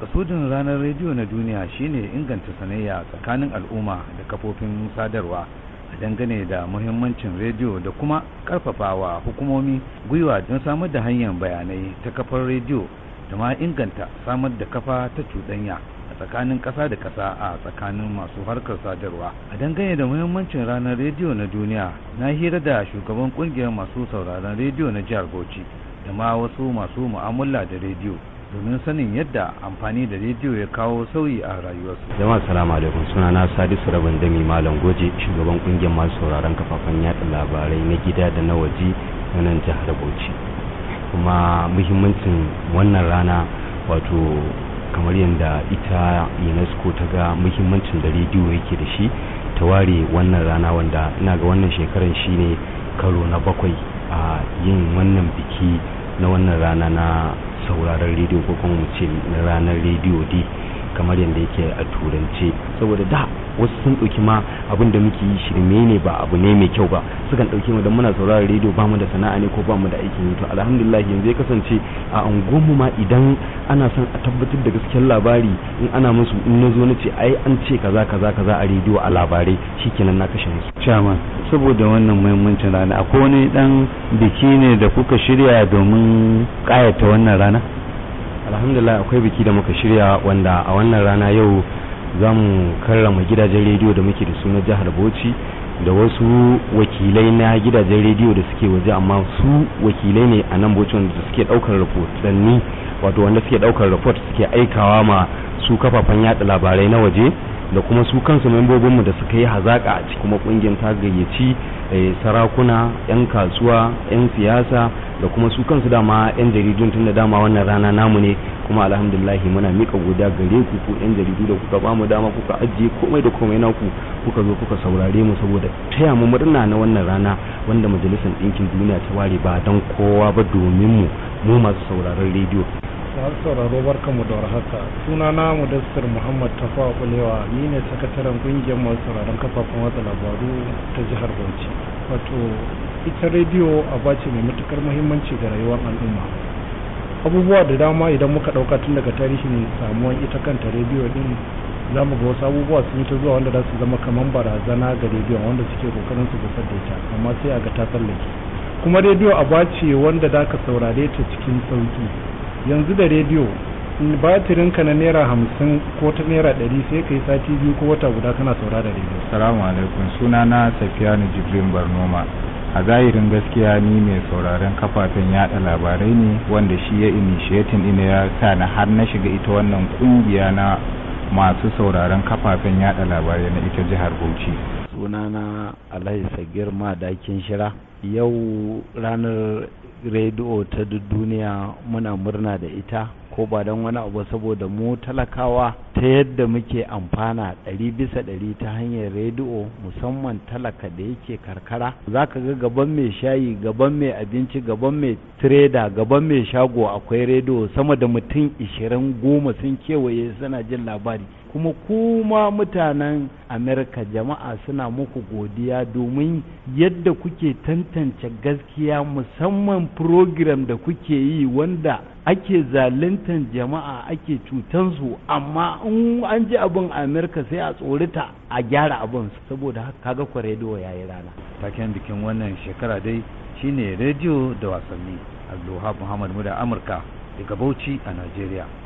makasudin ranar rediyo na duniya shine inganta sanayya tsakanin al'umma da kafofin sadarwa a dangane da muhimmancin rediyo da kuma karfafawa hukumomi gwiwa don samar da hanyar bayanai ta kafar rediyo da ma inganta samar da kafa ta cuɗanya a tsakanin ƙasa da ƙasa a tsakanin masu harkar sadarwa a dangane da muhimmancin ranar rediyo na duniya na hira da shugaban ƙungiyar masu sauraron rediyo na jihar bauchi da ma wasu masu mu'amala da rediyo domin sanin yadda amfani da rediyo ya kawo sauyi a rayuwarsu. Jama'a salamu alaikum suna na Sadisu Rabin Dami Malam Goje shugaban kungiyar masu sauraron kafafen yada labarai na gida da na waje na nan jihar Bauchi. Kuma muhimmancin wannan rana wato kamar yadda ita UNESCO ta ga muhimmancin da rediyo yake da shi ta ware wannan rana wanda ina ga wannan shekaran shine karo na bakwai a yin wannan biki na wannan rana na sauraron rediyo ko kuma mu ce na ranar rediyo dai kamar yadda yake a turance saboda da wasu sun ɗauki ma abin da muke yi shirme ne ba abu ne mai kyau ba sukan ɗauke mu don muna sauraron rediyo ba mu da sana'a ne ko ba mu da aikin yi to alhamdulillah yanzu ya kasance a unguwarmu ma idan ana son a tabbatar da gaskiyar labari in ana musu in na zo na ce ai an ce kaza kaza kaza a rediyo a labarai shikenan na kashe musu chairman saboda wannan muhimmancin rana akwai wani dan biki ne da kuka shirya domin kayata wannan rana alhamdulillah akwai biki da muka shirya wanda a wannan rana yau za mu karrama gidajen rediyo da muke da su na jihar bauchi da wasu wakilai na gidajen rediyo da suke waje amma su wakilai ne a nan bocin da suke daukar rahotanni wato wanda suke daukar report suke aikawa ma su kafafen yada labarai na waje da kuma su kansu membobinmu da suka yi hazaka a cikin kuma kungiyar ta gayyaci eh, sarakuna 'yan kasuwa 'yan siyasa da kuma su kansu dama yan jaridu tun da dama wannan rana namu ne kuma alhamdulahi muna mika goda gare ku ko yan jaridu da kuka bamu dama kuka ajiye komai da komai naku kuka zo kuka saurare mu saboda taya mu murna na wannan rana wanda majalisar ɗinkin duniya ta ware ba don kowa ba domin mu mu masu sauraron rediyo masu sauraro mu da warhaka suna na mudassir muhammad tafa kulewa ni ne sakataren kungiyar masu sauraron kafafen watsa labaru ta jihar bauchi wato ita rediyo a ce mai matukar muhimmanci ga rayuwar al'umma abubuwa da dama idan muka ɗauka tun daga tarihin samuwar ita kanta rediyo din za mu ga wasu abubuwa sun yi ta zuwa wanda za su zama kamar barazana ga rediyo wanda suke kokarin su gusar da ita amma sai a ga ta tsallake kuma rediyo a ce wanda za ka saurare ta cikin sauki yanzu da rediyo batirinka na naira hamsin ko ta naira ɗari sai ka yi sati biyu ko wata guda kana da rediyo salamu alaikum suna na safiya ni jibrin barnoma a zahirin gaskiya ni mai sauraron kafafen yada labarai ne wanda shi ya initiating ina ya sa na har na shiga ita wannan kungiya na masu sauraron kafafen yada labarai na ita jihar bauchi sunana alhaji sagir dakin shira yau ranar rediyo ta duniya muna murna da ita ko ba don wani abu saboda mu talakawa ta yadda muke amfana ɗari bisa ɗari ta hanyar rediyo musamman talaka da yake karkara za ka ga gaban mai shayi gaban mai abinci gaban mai tireda gaban mai shago akwai rediyo sama da mutum ishirin goma sun kewaye suna jin labari kuma kuma mutanen amerika jama'a suna muku godiya domin yadda kuke tantance gaskiya musamman program da kuke yi wanda ake zaluntan jama'a ake su amma in an ji abin amerika sai a tsorita a gyara abin saboda haka kaga kwa rediyo ya yi rana taken bikin wannan shekara dai shine rediyo da wasanni allah muhammad muda amurka daga bauchi a nigeria.